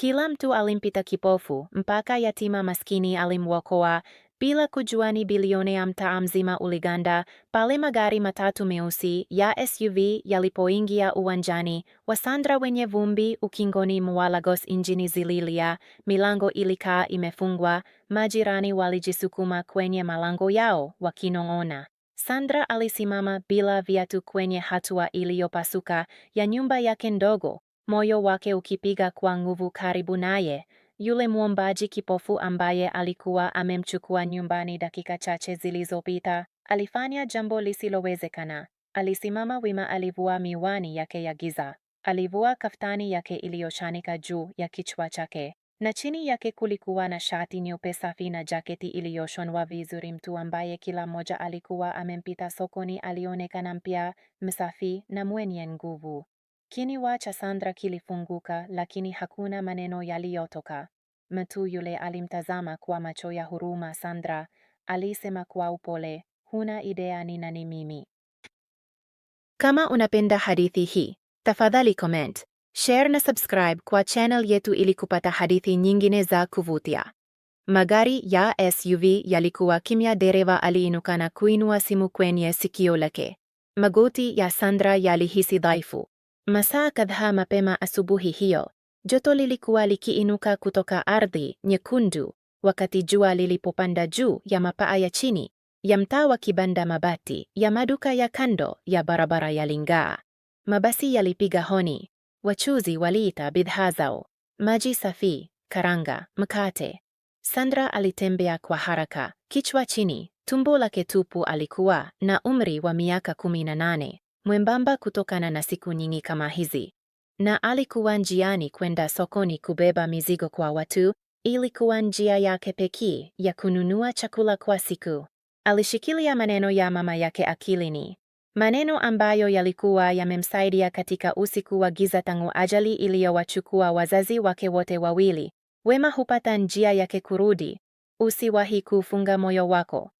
Kila mtu alimpita kipofu, mpaka yatima maskini alimwokoa, bila kujuani bilione bilionea. Mtaa mzima uliganda pale magari matatu meusi ya SUV yalipoingia ya uwanjani, Wasandra wenye vumbi ukingoni mwa Lagos. Injini zililia, milango ilikaa imefungwa, majirani walijisukuma kwenye malango yao wakinong'ona. Sandra alisimama bila viatu kwenye hatua iliyopasuka ya nyumba yake ndogo moyo wake ukipiga kwa nguvu karibu naye, yule mwombaji kipofu ambaye alikuwa amemchukua nyumbani dakika chache zilizopita. Alifanya jambo lisilowezekana. Alisimama wima, alivua miwani yake ya giza, alivua kaftani yake iliyoshanika juu ya kichwa chake, na chini yake kulikuwa na shati nyeupe safi na jaketi iliyoshonwa vizuri. Mtu ambaye kila mmoja alikuwa amempita sokoni alionekana mpya, msafi na mwenye nguvu. Kinywa cha Sandra kilifunguka lakini hakuna maneno yaliyotoka. Mtu yule alimtazama kwa macho ya huruma. Sandra alisema kwa upole, huna idea ni nani mimi. Kama unapenda hadithi hii, tafadhali comment, share na subscribe kwa channel yetu ili kupata hadithi nyingine za kuvutia. Magari ya SUV yalikuwa kimya. Dereva aliinuka na kuinua simu kwenye sikio lake. Magoti ya Sandra yalihisi dhaifu. Masaa kadhaa mapema asubuhi hiyo, joto lilikuwa likiinuka kutoka ardhi nyekundu, wakati jua lilipopanda juu ya mapaa ya chini ya mtaa wa kibanda mabati ya maduka ya kando ya barabara ya Lingaa. Mabasi yalipiga honi, wachuzi waliita bidhaa zao: maji safi, karanga, mkate. Sandra alitembea kwa haraka, kichwa chini, tumbo lake tupu. Alikuwa na umri wa miaka kumi na nane mwembamba kutokana na siku nyingi kama hizi, na alikuwa njiani kwenda sokoni kubeba mizigo kwa watu. Ilikuwa njia yake pekee ya kununua chakula kwa siku. Alishikilia maneno ya mama yake akilini, maneno ambayo yalikuwa yamemsaidia katika usiku wa giza tangu ajali iliyowachukua wazazi wake wote wawili. Wema hupata njia yake kurudi. Usiwahi kufunga moyo wako.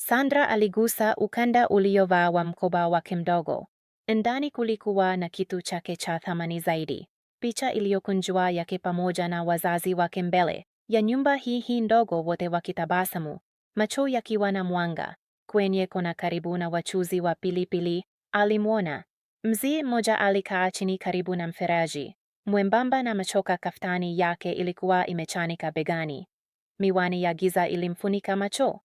Sandra aligusa ukanda uliovaa wa mkoba wake mdogo. Ndani kulikuwa na kitu chake cha thamani zaidi, picha iliyokunjwa yake pamoja na wazazi wake mbele ya nyumba hii hii ndogo, wote wakitabasamu, macho yakiwa na mwanga. Kwenye kona karibu na wachuzi wa pilipili alimwona mzee mmoja alikaa chini karibu na mfereji mwembamba na machoka. Kaftani yake ilikuwa imechanika begani, miwani ya giza ilimfunika macho,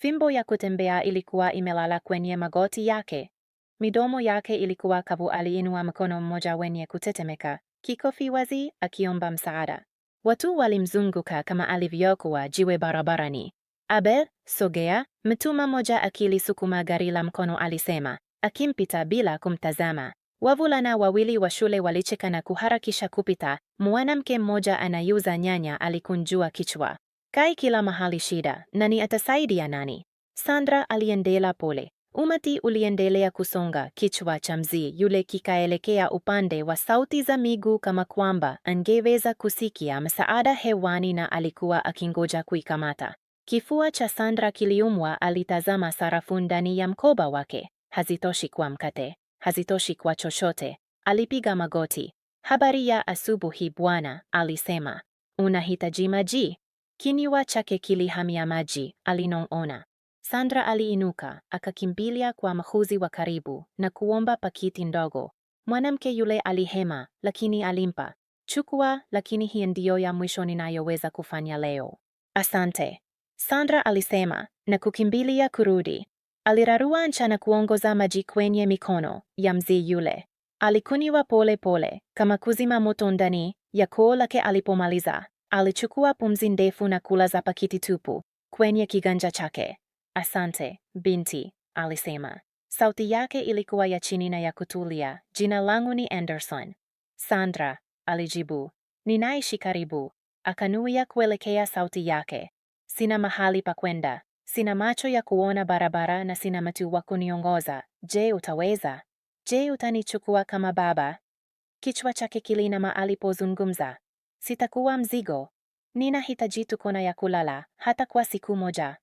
fimbo ya kutembea ilikuwa imelala kwenye magoti yake. Midomo yake ilikuwa kavu. Aliinua mkono mmoja wenye kutetemeka kikofi wazi, akiomba msaada. Watu walimzunguka kama alivyokuwa jiwe barabarani. Abel, sogea, mtuma mmoja akilisukuma gari la mkono alisema, akimpita bila kumtazama. Wavulana wawili wa shule walicheka na kuharakisha kupita. Mwanamke mmoja anayuza nyanya alikunjua kichwa. Kai kila mahali shida, nani atasaidia nani? Sandra aliendela pole, Umati uliendelea kusonga, kichwa cha mzee yule kikaelekea upande wa sauti za miguu, kama kwamba angeweza kusikia msaada hewani na alikuwa akingoja kuikamata. Kifua cha Sandra kiliumwa, alitazama sarafu ndani ya mkoba wake. Hazitoshi kwa mkate, hazitoshi kwa chochote. Alipiga magoti. Habari ya asubuhi bwana, alisema. Unahitaji maji? Kinywa chake kilihamia maji, alinong'ona. Sandra aliinuka, akakimbilia kwa mhuzi wa karibu na kuomba pakiti ndogo. Mwanamke yule alihema, lakini alimpa. Chukua, lakini hii ndiyo ya mwisho ninayoweza kufanya leo. Asante, Sandra alisema na kukimbilia kurudi. Alirarua ncha na kuongoza maji kwenye mikono ya mzee yule. Alikunywa pole pole kama kuzima moto ndani ya koo lake. Alipomaliza, alichukua pumzi ndefu na kula za pakiti tupu kwenye kiganja chake. Asante, binti, alisema. Sauti yake ilikuwa ya chini na ya kutulia. Jina langu ni Anderson. Sandra, alijibu. Ninaishi karibu. Akanuia kuelekea sauti yake. Sina mahali pa kwenda. Sina macho ya kuona barabara na sina mtu wa kuniongoza. Je, utaweza? Je, utanichukua kama baba? Kichwa chake kilinama alipozungumza. Sitakuwa mzigo. Ninahitaji tu kona ya kulala, hata kwa siku moja.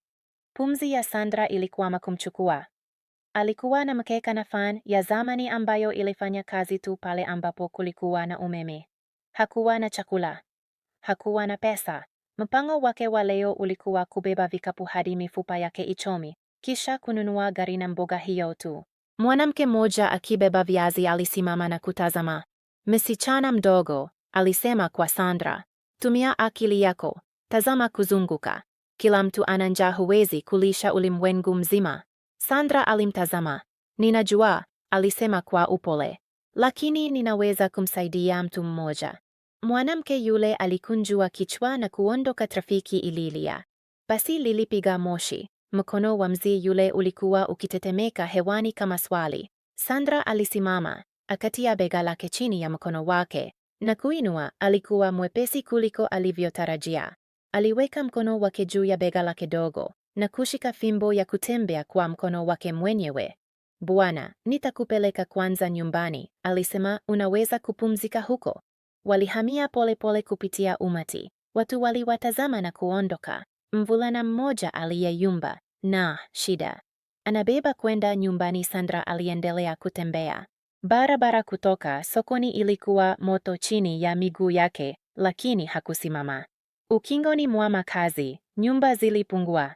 Pumzi ya Sandra ilikwama kumchukua. Alikuwa na mkeka na fan ya zamani ambayo ilifanya kazi tu pale ambapo kulikuwa na umeme. Hakuwa na chakula, hakuwa na pesa. Mpango wake wa leo ulikuwa kubeba vikapu hadi mifupa yake ichomi, kisha kununua gari na mboga hiyo tu. Mwanamke mmoja akibeba viazi alisimama na kutazama. Msichana mdogo, alisema kwa Sandra, tumia akili yako, tazama kuzunguka, kila mtu ana njaa, huwezi kulisha ulimwengu mzima. Sandra alimtazama. Ninajua, alisema kwa upole, lakini ninaweza kumsaidia mtu mmoja. Mwanamke yule alikunjua kichwa na kuondoka. Trafiki ililia, basi lilipiga moshi. Mkono wa mzee yule ulikuwa ukitetemeka hewani kama swali. Sandra alisimama, akatia bega lake chini ya mkono wake na kuinua. Alikuwa mwepesi kuliko alivyotarajia. Aliweka mkono wake juu ya bega lake dogo na kushika fimbo ya kutembea kwa mkono wake mwenyewe. Bwana, nitakupeleka kwanza nyumbani, alisema. Unaweza kupumzika huko. Walihamia polepole kupitia umati. Watu waliwatazama na kuondoka. Mvulana mmoja aliyeyumba na shida anabeba kwenda nyumbani. Sandra aliendelea kutembea. Barabara kutoka sokoni ilikuwa moto chini ya miguu yake, lakini hakusimama. Ukingoni mwa makazi, nyumba zilipungua.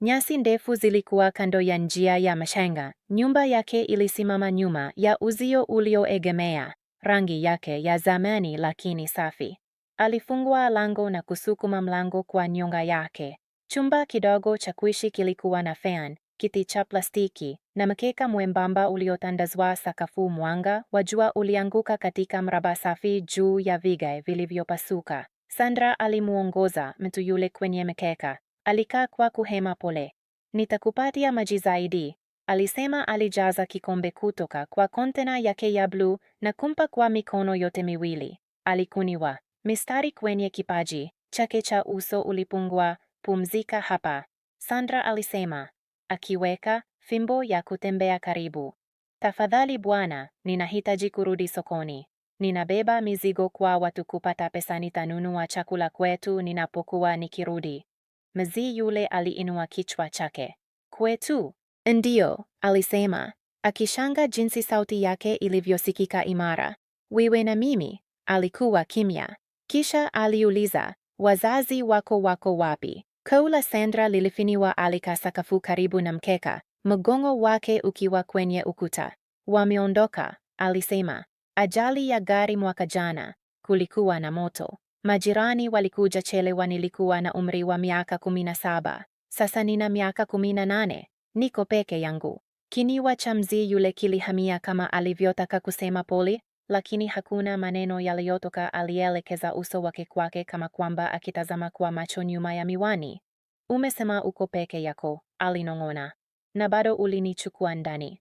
Nyasi ndefu zilikuwa kando ya njia ya mashanga. Nyumba yake ilisimama nyuma ya uzio ulioegemea, rangi yake ya zamani lakini safi. Alifungua lango na kusukuma mlango kwa nyonga yake. Chumba kidogo cha kuishi kilikuwa na fan, kiti cha plastiki na mkeka mwembamba uliotandazwa sakafu. Mwanga wa jua ulianguka katika mraba safi juu ya vigae vilivyopasuka. Sandra alimuongoza mtu yule kwenye mkeka. Alikaa kwa kuhema pole. Nitakupatia maji zaidi, alisema. Alijaza kikombe kutoka kwa kontena yake ya bluu na kumpa kwa mikono yote miwili. Alikuniwa. Mistari kwenye kipaji chake cha uso ulipungua. Pumzika hapa, Sandra alisema, akiweka fimbo ya kutembea karibu. Tafadhali bwana, ninahitaji kurudi sokoni. Ninabeba mizigo kwa watu kupata pesa, nitanunua chakula kwetu ninapokuwa nikirudi. Mzee yule aliinua kichwa chake. Kwetu? Ndiyo, alisema, akishanga jinsi sauti yake ilivyosikika imara. wiwe na mimi? Alikuwa kimya. Kisha aliuliza, wazazi wako wako wapi? kou la Sandra lilifiniwa, alika sakafu karibu na mkeka, mgongo wake ukiwa kwenye ukuta. Wameondoka, alisema. Ajali ya gari mwaka jana, kulikuwa na moto. Majirani walikuja chelewa. Nilikuwa na umri wa miaka 17, sasa nina miaka 18. Niko peke yangu. Kiniwa cha mzee yule kilihamia kama alivyotaka kusema pole, lakini hakuna maneno yaliyotoka. Alielekeza uso wake kwake kama kwamba akitazama kwa macho nyuma ya miwani. Umesema uko peke yako, alinong'ona, na bado ulinichukua ndani.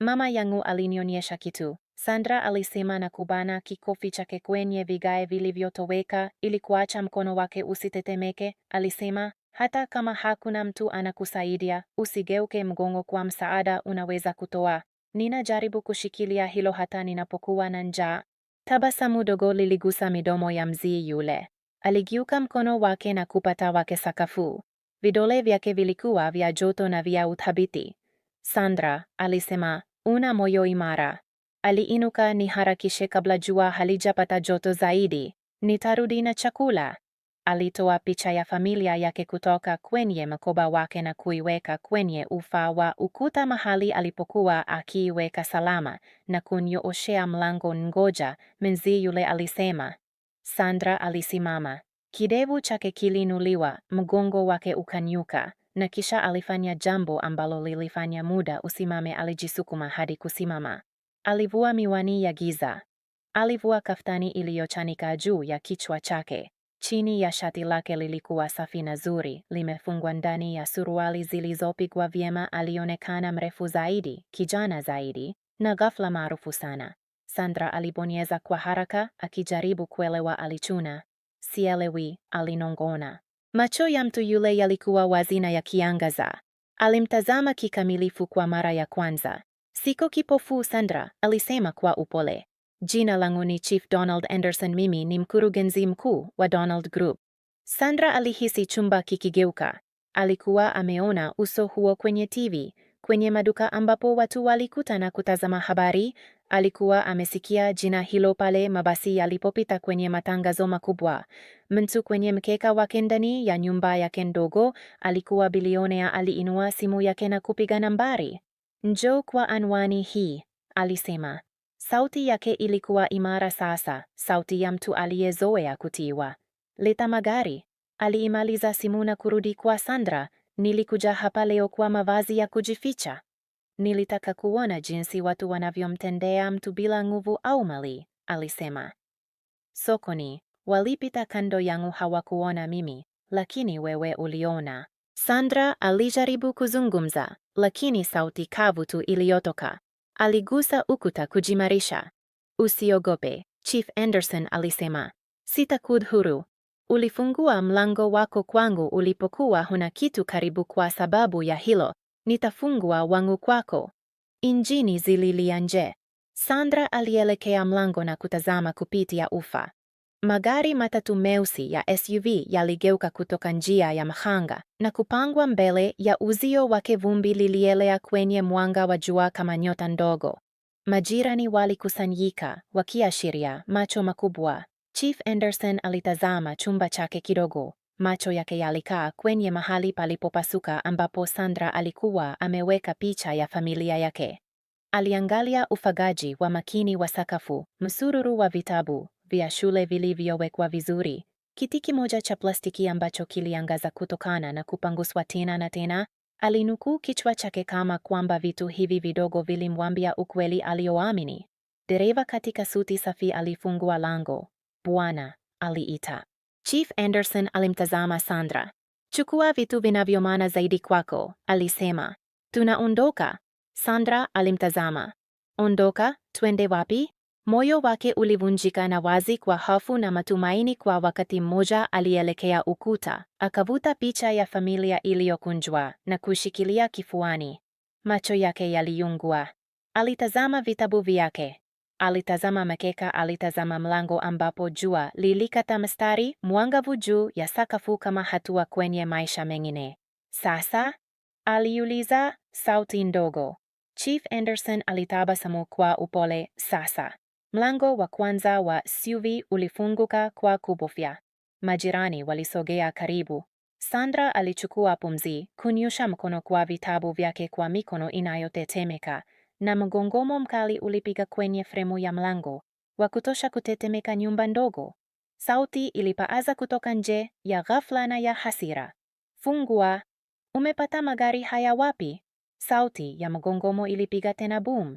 Mama yangu alinionyesha kitu Sandra alisema na kubana kikofi chake kwenye vigae vilivyotoweka ili kuacha mkono wake usitetemeke. Alisema, hata kama hakuna mtu anakusaidia, usigeuke mgongo kwa msaada unaweza kutoa. Ninajaribu kushikilia hilo hata ninapokuwa na njaa. Tabasamu dogo liligusa midomo ya mzee yule. Aligiuka mkono wake na kupata wake sakafu. Vidole vyake vilikuwa vya joto na vya uthabiti. Sandra alisema, una moyo imara. Aliinuka niharakishe kabla jua halijapata joto zaidi. Nitarudi na chakula. Alitoa picha ya familia yake kutoka kwenye mkoba wake na kuiweka kwenye ufa wa ukuta mahali alipokuwa akiiweka salama na kunyooshea mlango. Ngoja, mwenzi yule alisema. Sandra alisimama, kidevu chake kilinuliwa mgongo wake ukanyuka, na kisha alifanya jambo ambalo lilifanya muda usimame. Alijisukuma hadi kusimama. Alivua miwani ya giza. Alivua kaftani iliyochanika juu ya kichwa chake. Chini ya shati lake lilikuwa safi na zuri, limefungwa ndani ya suruali zilizopigwa vyema. Alionekana mrefu zaidi, kijana zaidi, na ghafla maarufu sana. Sandra alibonyeza kwa haraka, akijaribu kuelewa. Alichuna. Sielewi, alinong'ona. Macho ya mtu yule yalikuwa wazi na yakiangaza. Alimtazama kikamilifu kwa mara ya kwanza. Siko kipofu, Sandra, alisema kwa upole. Jina langu ni Chief Donald Anderson, mimi ni mkurugenzi mkuu wa Donald Group. Sandra alihisi chumba kikigeuka. Alikuwa ameona uso huo kwenye TV, kwenye maduka ambapo watu walikutana kutazama habari. Alikuwa amesikia jina hilo pale mabasi yalipopita kwenye matangazo makubwa. Mtu kwenye mkeka wake ndani ya nyumba yake ndogo alikuwa bilionea. Aliinua simu yake na kupiga nambari. Njoo kwa anwani hii, alisema. Sauti yake ilikuwa imara sasa, sauti ya mtu aliyezoea kutiwa. Leta magari, aliimaliza simu na kurudi kwa Sandra. Nilikuja hapa leo kwa mavazi ya kujificha. Nilitaka kuona jinsi watu wanavyomtendea mtu bila nguvu au mali, alisema. Sokoni, walipita kando yangu hawakuona mimi, lakini wewe uliona. Sandra alijaribu kuzungumza, lakini sauti kavu tu iliyotoka. Aligusa ukuta kujimarisha. Usiogope, Chief Anderson alisema, sitakudhuru. Ulifungua mlango wako kwangu ulipokuwa huna kitu karibu. Kwa sababu ya hilo, nitafungua wangu kwako. Injini zililia nje. Sandra alielekea mlango na kutazama kupitia ufa. Magari matatu meusi ya SUV yaligeuka kutoka njia ya mhanga na kupangwa mbele ya uzio wake. Vumbi lilielea kwenye mwanga wa jua kama nyota ndogo. Majirani walikusanyika wakiashiria macho makubwa. Chief Anderson alitazama chumba chake kidogo, macho yake yalikaa kwenye mahali palipopasuka ambapo Sandra alikuwa ameweka picha ya familia yake. Aliangalia ufagaji wa makini wa sakafu, msururu wa vitabu vya shule vilivyowekwa vizuri, kiti kimoja cha plastiki ambacho kiliangaza kutokana na kupanguswa tena na tena. Alinukuu kichwa chake kama kwamba vitu hivi vidogo vilimwambia ukweli alioamini. Dereva katika suti safi alifungua lango. Bwana, aliita. Chief Anderson alimtazama Sandra. Chukua vitu vinavyomana zaidi kwako, alisema. Tunaondoka. Sandra alimtazama. Ondoka, twende wapi? Moyo wake ulivunjika na wazi kwa hofu na matumaini. Kwa wakati mmoja, alielekea ukuta, akavuta picha ya familia iliyokunjwa na kushikilia kifuani. Macho yake yaliungua. Alitazama vitabu vyake, alitazama makeka, alitazama mlango ambapo jua lilikata mstari mwangavu juu ya sakafu kama hatua kwenye maisha mengine. Sasa? aliuliza, sauti ndogo. Chief Anderson alitabasamu kwa upole. Sasa Mlango wa kwanza wa SUV ulifunguka kwa kubofya. Majirani walisogea karibu. Sandra alichukua pumzi, kunyusha mkono kwa vitabu vyake kwa mikono inayotetemeka, na mgongomo mkali ulipiga kwenye fremu ya mlango, wa kutosha kutetemeka nyumba ndogo. Sauti ilipaaza kutoka nje, ya ghafla na ya hasira. Fungua! Umepata magari haya wapi? Sauti ya mgongomo ilipiga tena, boom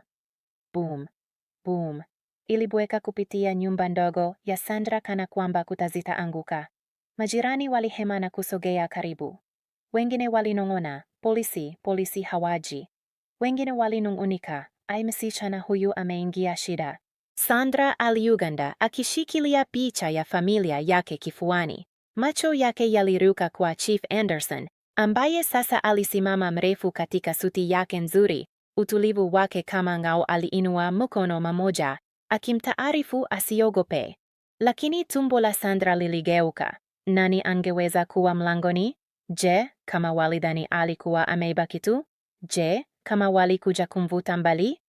boom boom ilibweka kupitia nyumba ndogo ya Sandra kana kwamba kuta zitaanguka. Majirani walihema na kusogea karibu. Wengine walinong'ona, polisi, polisi hawaji. Wengine walinung'unika, ai, msichana huyu ameingia shida. Sandra aliuganda akishikilia picha ya familia yake kifuani. Macho yake yaliruka kwa Chief Anderson ambaye sasa alisimama mrefu katika suti yake nzuri, utulivu wake kama ngao. Aliinua mkono mmoja akimtaarifu asiogope. Lakini tumbo la Sandra liligeuka. Nani angeweza kuwa mlangoni? Je, kama walidhani alikuwa ameibaki tu? Je, kama walikuja kumvuta mbali?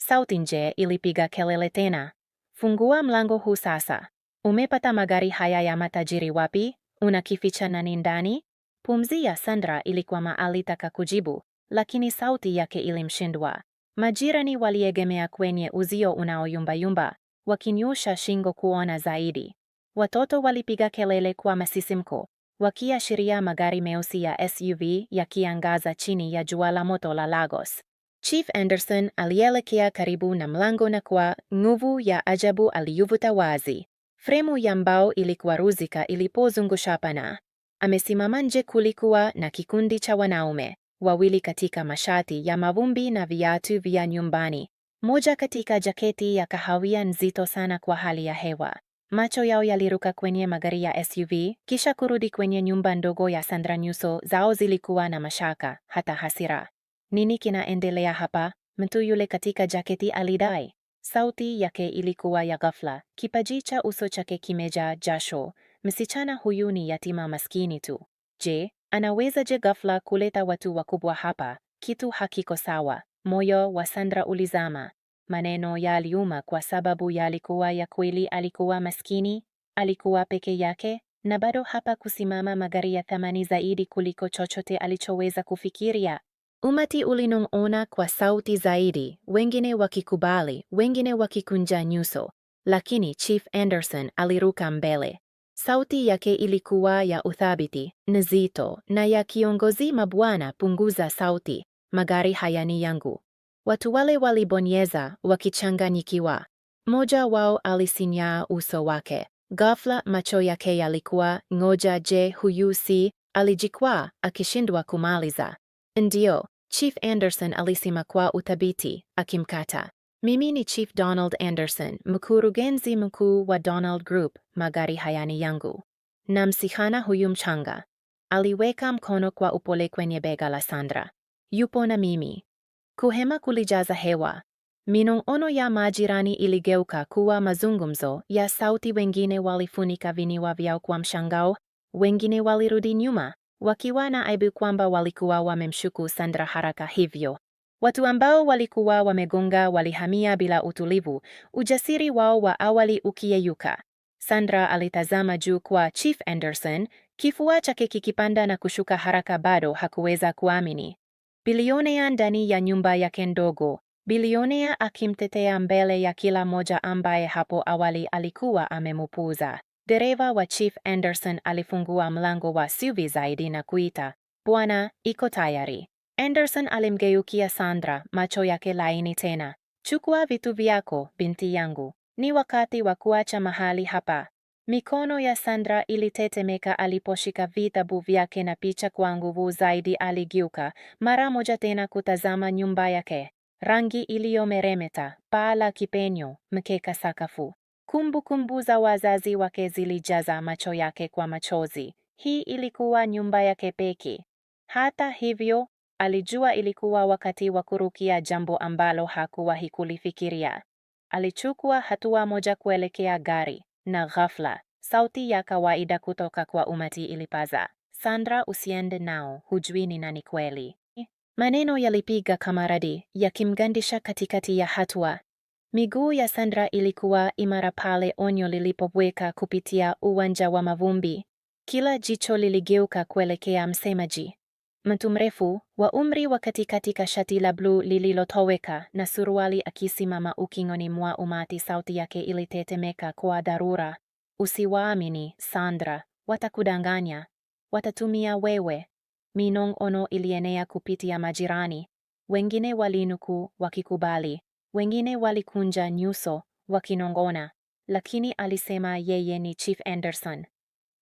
Sauti nje ilipiga kelele tena, fungua mlango huu sasa. Umepata magari haya ya matajiri wapi? Unakificha nani ndani? Pumzi ya Sandra ilikwama, alitaka kujibu, lakini sauti yake ilimshindwa. Majirani waliegemea kwenye uzio unaoyumbayumba, wakinyusha shingo kuona zaidi. Watoto walipiga kelele kwa masisimko, wakiashiria magari meusi ya SUV yakiangaza chini ya jua la moto la Lagos. Chief Anderson alielekea karibu na mlango na kwa nguvu ya ajabu aliyuvuta wazi. Fremu ya mbao ilikuwa ruzika ilipozungusha pana. Amesimama nje, kulikuwa na kikundi cha wanaume wawili katika mashati ya mavumbi na viatu vya nyumbani, moja katika jaketi ya kahawia nzito sana kwa hali ya hewa. Macho yao yaliruka kwenye magari ya SUV kisha kurudi kwenye nyumba ndogo ya Sandra. Nyuso zao zilikuwa na mashaka, hata hasira. Nini kinaendelea hapa? Mtu yule katika jaketi alidai. Sauti yake ilikuwa ya ghafla, kipaji cha uso chake kimejaa jasho. Msichana huyu ni yatima maskini tu. Je, Anawezaje ghafla kuleta watu wakubwa hapa? Kitu hakiko sawa. Moyo wa Sandra ulizama. Maneno yaliuma kwa sababu yalikuwa ya kweli. Alikuwa maskini, alikuwa peke yake, na bado hapa kusimama magari ya thamani zaidi kuliko chochote alichoweza kufikiria. Umati ulinong'ona kwa sauti zaidi, wengine wakikubali, wengine wakikunja nyuso, lakini Chief Anderson aliruka mbele. Sauti yake ilikuwa ya uthabiti, nzito na ya kiongozi. Mabwana, punguza sauti, magari haya ni yangu. Watu wale walibonyeza wakichanganyikiwa. Mmoja wao alisinyaa uso wake. Ghafla macho yake yalikuwa ngoja. Je, huyu si? Alijikwaa akishindwa kumaliza. ndio Chief Anderson alisema kwa uthabiti, akimkata. Mimi ni Chief Donald Anderson, mkurugenzi mkuu wa Donald Group, magari hayani yangu. Na msichana huyu mchanga. Aliweka mkono kwa upole kwenye bega la Sandra. Yupo na mimi. Kuhema kulijaza hewa. Minong'ono ya majirani iligeuka kuwa mazungumzo ya sauti. Wengine walifunika vinywa vyao kwa mshangao, wengine walirudi nyuma wakiwa na aibu kwamba walikuwa wamemshuku Sandra haraka hivyo. Watu ambao walikuwa wamegonga walihamia bila utulivu, ujasiri wao wa awali ukiyeyuka. Sandra alitazama juu kwa Chief Anderson, kifua chake kikipanda na kushuka haraka. Bado hakuweza kuamini. Bilionea ndani ya nyumba yake ndogo, bilionea akimtetea mbele ya kila mmoja ambaye hapo awali alikuwa amemupuuza. Dereva wa Chief Anderson alifungua mlango wa SUV zaidi na kuita, bwana, iko tayari. Anderson alimgeukia Sandra, macho yake laini tena. Chukua vitu vyako, binti yangu. Ni wakati wa kuacha mahali hapa. Mikono ya Sandra ilitetemeka aliposhika vitabu vyake na picha kwa nguvu zaidi. aligiuka mara moja tena kutazama nyumba yake, rangi iliyomeremeta, paa la kipenyo, mkeka sakafu. Kumbukumbu za wazazi wake zilijaza macho yake kwa machozi. Hii ilikuwa nyumba yake pekee. Hata hivyo, Alijua ilikuwa wakati wa kurukia jambo ambalo hakuwahi kulifikiria. Alichukua hatua moja kuelekea gari, na ghafla sauti ya kawaida kutoka kwa umati ilipaza, Sandra, usiende nao, hujui ni nani kweli. Maneno yalipiga kama radi, yakimgandisha katikati ya hatua. Miguu ya Sandra ilikuwa imara pale onyo lilipobweka kupitia uwanja wa mavumbi. Kila jicho liligeuka kuelekea msemaji, Mtu mrefu wa umri wa katikati ka shati la bluu lililotoweka na suruali akisimama ukingoni mwa umati, sauti yake ilitetemeka kwa dharura. Usiwaamini, Sandra, watakudanganya, watatumia wewe. Minong'ono ilienea kupitia majirani. Wengine walinuku wakikubali, wengine walikunja nyuso wakinong'ona, lakini alisema yeye ni Chief Anderson.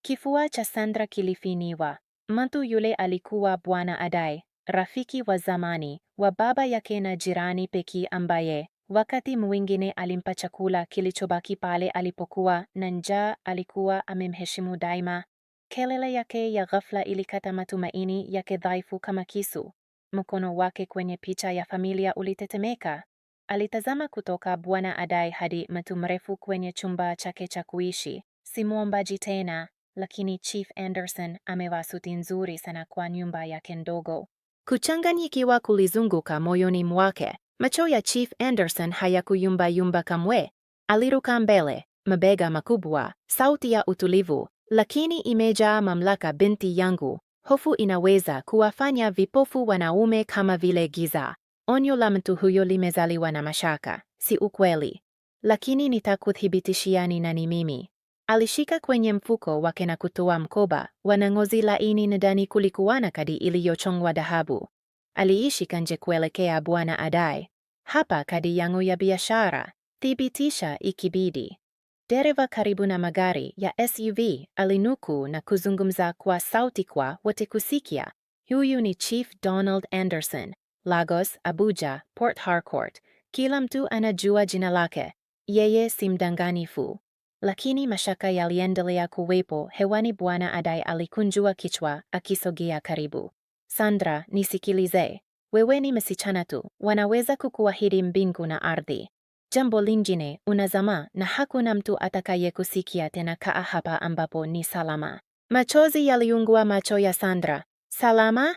Kifua cha Sandra kilifiniwa Mtu yule alikuwa Bwana Adai, rafiki wa zamani wa baba yake na jirani pekee ambaye wakati mwingine alimpa chakula kilichobaki pale alipokuwa na njaa. Alikuwa amemheshimu daima. Kelele yake ya ghafla ilikata matumaini yake dhaifu kama kisu. Mkono wake kwenye picha ya familia ulitetemeka. Alitazama kutoka Bwana Adai hadi mtu mrefu kwenye chumba chake cha kuishi, si mwombaji tena, lakini Chief Anderson amevaa suti nzuri sana kwa nyumba yake ndogo. Kuchanganyikiwa kulizunguka moyoni mwake. Macho ya Chief Anderson hayakuyumbayumba kamwe. Aliruka mbele, mabega makubwa, sauti ya utulivu, lakini imejaa mamlaka. Binti yangu, hofu inaweza kuwafanya vipofu wanaume kama vile giza. Onyo la mtu huyo limezaliwa na mashaka, si ukweli. Lakini nitakuthibitishia ni nani mimi. Alishika kwenye mfuko wake na kutoa mkoba wana ngozi laini na ndani kulikuwa na kadi iliyochongwa dhahabu. Aliishika nje kuelekea Bwana Adai. Hapa kadi yangu ya biashara, thibitisha ikibidi. Dereva karibu na magari ya SUV alinuku na kuzungumza kwa sauti kwa wote kusikia. Huyu ni Chief Donald Anderson, Lagos, Abuja, Port Harcourt. Kila mtu anajua jina lake. Yeye si mdanganifu. Lakini mashaka yaliendelea kuwepo hewani. Bwana Adai alikunjua kichwa, akisogea karibu. Sandra, nisikilize. Wewe ni msichana tu, wanaweza kukuahidi mbingu na ardhi. Jambo lingine, unazama na hakuna mtu atakayekusikia tena. Kaa hapa ambapo ni salama. Machozi yaliungua macho ya Sandra. Salama?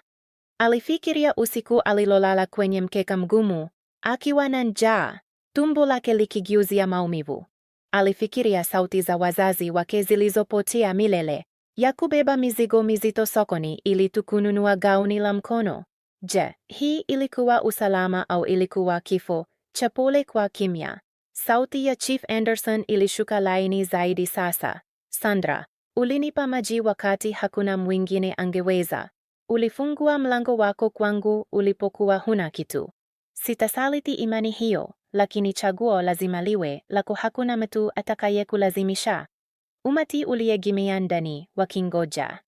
Alifikiria usiku alilolala kwenye mkeka mgumu, akiwa na njaa, tumbo lake likigiuzia maumivu. Alifikiria sauti za wazazi wake zilizopotea milele ya kubeba mizigo mizito sokoni ili tu kununua gauni la mkono. Je, hii ilikuwa usalama au ilikuwa kifo cha pole kwa kimya? Sauti ya Chief Anderson ilishuka laini zaidi sasa. Sandra, ulinipa maji wakati hakuna mwingine angeweza. Ulifungua mlango wako kwangu ulipokuwa huna kitu. Sitasaliti imani hiyo lakini chaguo lazima liwe lako. Hakuna mtu atakayekulazimisha. Umati uliyegimia ndani wakingoja.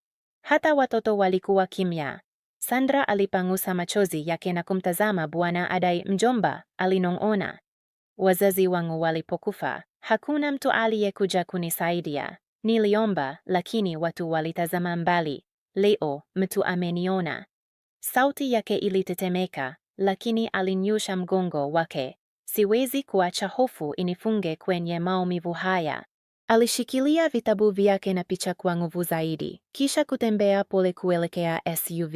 Hata watoto walikuwa kimya. Sandra alipangusa machozi yake na kumtazama bwana Adai. Mjomba, alinong'ona, wazazi wangu walipokufa hakuna mtu aliyekuja kunisaidia. Niliomba, lakini watu walitazama mbali. Leo mtu ameniona. Sauti yake ilitetemeka, lakini alinyusha mgongo wake siwezi kuacha hofu inifunge kwenye maumivu haya. Alishikilia vitabu vyake na picha kwa nguvu zaidi, kisha kutembea pole kuelekea SUV.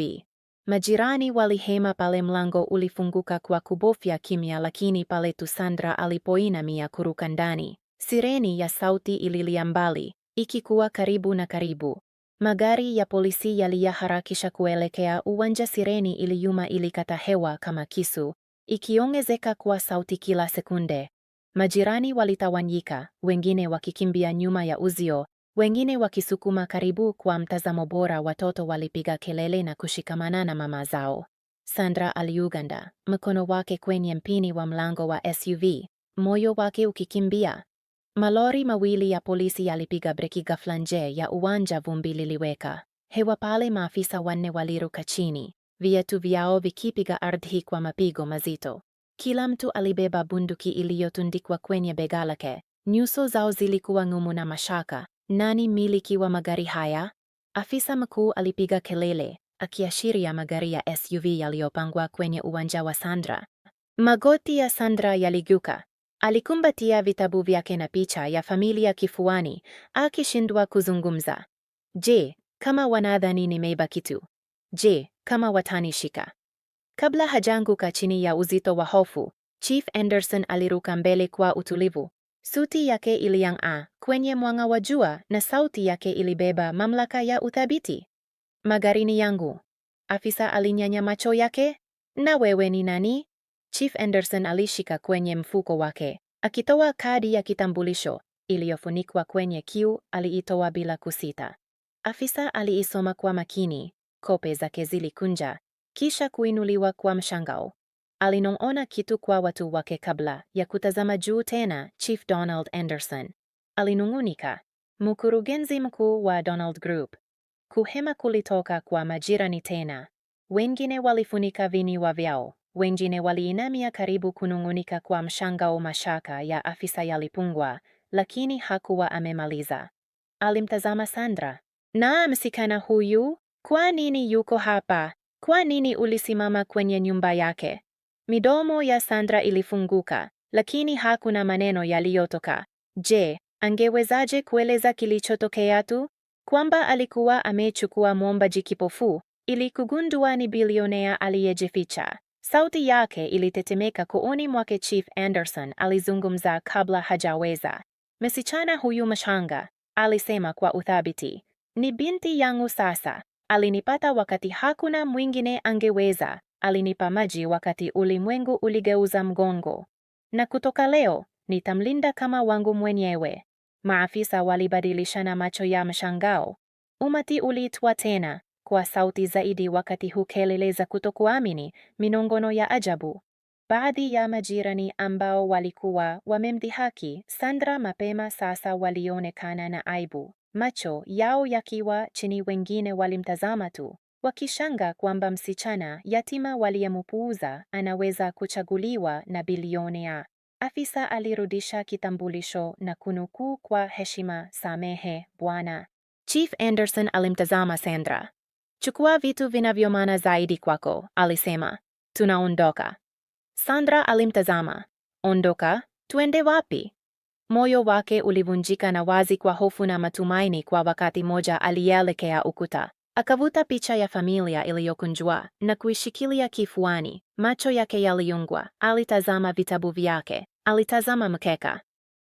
Majirani walihema pale mlango ulifunguka kwa kubofya kimya, lakini pale tu Sandra alipoinamia kuruka ndani, sireni ya sauti ililia mbali, ikikuwa karibu na karibu. Magari ya polisi yaliyaharakisha kuelekea uwanja. Sireni iliyuma ilikata hewa kama kisu, ikiongezeka kwa sauti kila sekunde. Majirani walitawanyika, wengine wakikimbia nyuma ya uzio, wengine wakisukuma karibu. Kwa mtazamo bora, watoto walipiga kelele na kushikamana na mama zao. Sandra aliuganda mkono wake kwenye mpini wa mlango wa SUV, moyo wake ukikimbia. Malori mawili ya polisi yalipiga breki ghafla nje ya uwanja, vumbi liliweka hewa pale. Maafisa wanne waliruka chini, viatu vyao vikipiga ardhi kwa mapigo mazito. Kila mtu alibeba bunduki iliyotundikwa kwenye bega lake. Nyuso zao zilikuwa ngumu na mashaka. Nani miliki wa magari haya? Afisa mkuu alipiga kelele, akiashiria magari ya SUV yaliyopangwa kwenye uwanja wa Sandra. Magoti ya Sandra yaliguka. Alikumbatia vitabu vyake na picha ya familia kifuani, akishindwa kuzungumza. Je, kama wanadhani nimeiba kitu, Je, kama watanishika? Kabla hajaanguka chini ya uzito wa hofu, Chief Anderson aliruka mbele kwa utulivu. Suti yake iliyang'aa kwenye mwanga wa jua na sauti yake ilibeba mamlaka ya uthabiti. Magarini yangu. Afisa alinyanya macho yake. Na wewe ni nani? Chief Anderson alishika kwenye mfuko wake, akitoa kadi ya kitambulisho iliyofunikwa kwenye kiu. Aliitoa bila kusita. Afisa aliisoma kwa makini, kope zake zilikunja, kisha kuinuliwa kwa mshangao. Alinong'ona kitu kwa watu wake kabla ya kutazama juu tena. Chief Donald Anderson alinung'unika, mkurugenzi mkuu wa Donald Group. Kuhema kulitoka kwa majirani tena. Wengine walifunika vinywa vyao, wengine waliinamia karibu kunung'unika kwa mshangao. Mashaka ya afisa yalipungwa, lakini hakuwa amemaliza. Alimtazama Sandra. Na msichana huyu kwa nini yuko hapa? Kwa nini ulisimama kwenye nyumba yake? Midomo ya Sandra ilifunguka, lakini hakuna maneno yaliyotoka. Je, angewezaje kueleza kilichotokea tu? Kwamba alikuwa amechukua mwombaji kipofu ili kugundua ni bilionea aliyejificha. Sauti yake ilitetemeka. Kooni mwake Chief Anderson alizungumza kabla hajaweza. Msichana huyu mshanga alisema kwa uthabiti, ni binti yangu sasa, Alinipata wakati hakuna mwingine angeweza. Alinipa maji wakati ulimwengu uligeuza mgongo. Na kutoka leo nitamlinda kama wangu mwenyewe. Maafisa walibadilishana macho ya mshangao. Umati uliitwa tena kwa sauti zaidi, wakati hukeleleza za kutokuamini, minongono ya ajabu. Baadhi ya majirani ambao walikuwa wamemdhihaki Sandra mapema sasa walionekana na aibu. Macho yao yakiwa chini, wengine walimtazama tu, wakishanga kwamba msichana yatima waliyemupuuza anaweza kuchaguliwa na bilionea. Afisa alirudisha kitambulisho na kunukuu kwa heshima, samehe bwana. Chief Anderson alimtazama Sandra. Chukua vitu vinavyomana zaidi kwako, alisema. Tunaondoka. Sandra alimtazama. Ondoka? Tuende wapi? Moyo wake ulivunjika na wazi kwa hofu na matumaini kwa wakati moja. Alielekea ukuta, akavuta picha ya familia iliyokunjwa na kuishikilia kifuani. Macho yake yaliungwa, alitazama vitabu vyake, alitazama mkeka,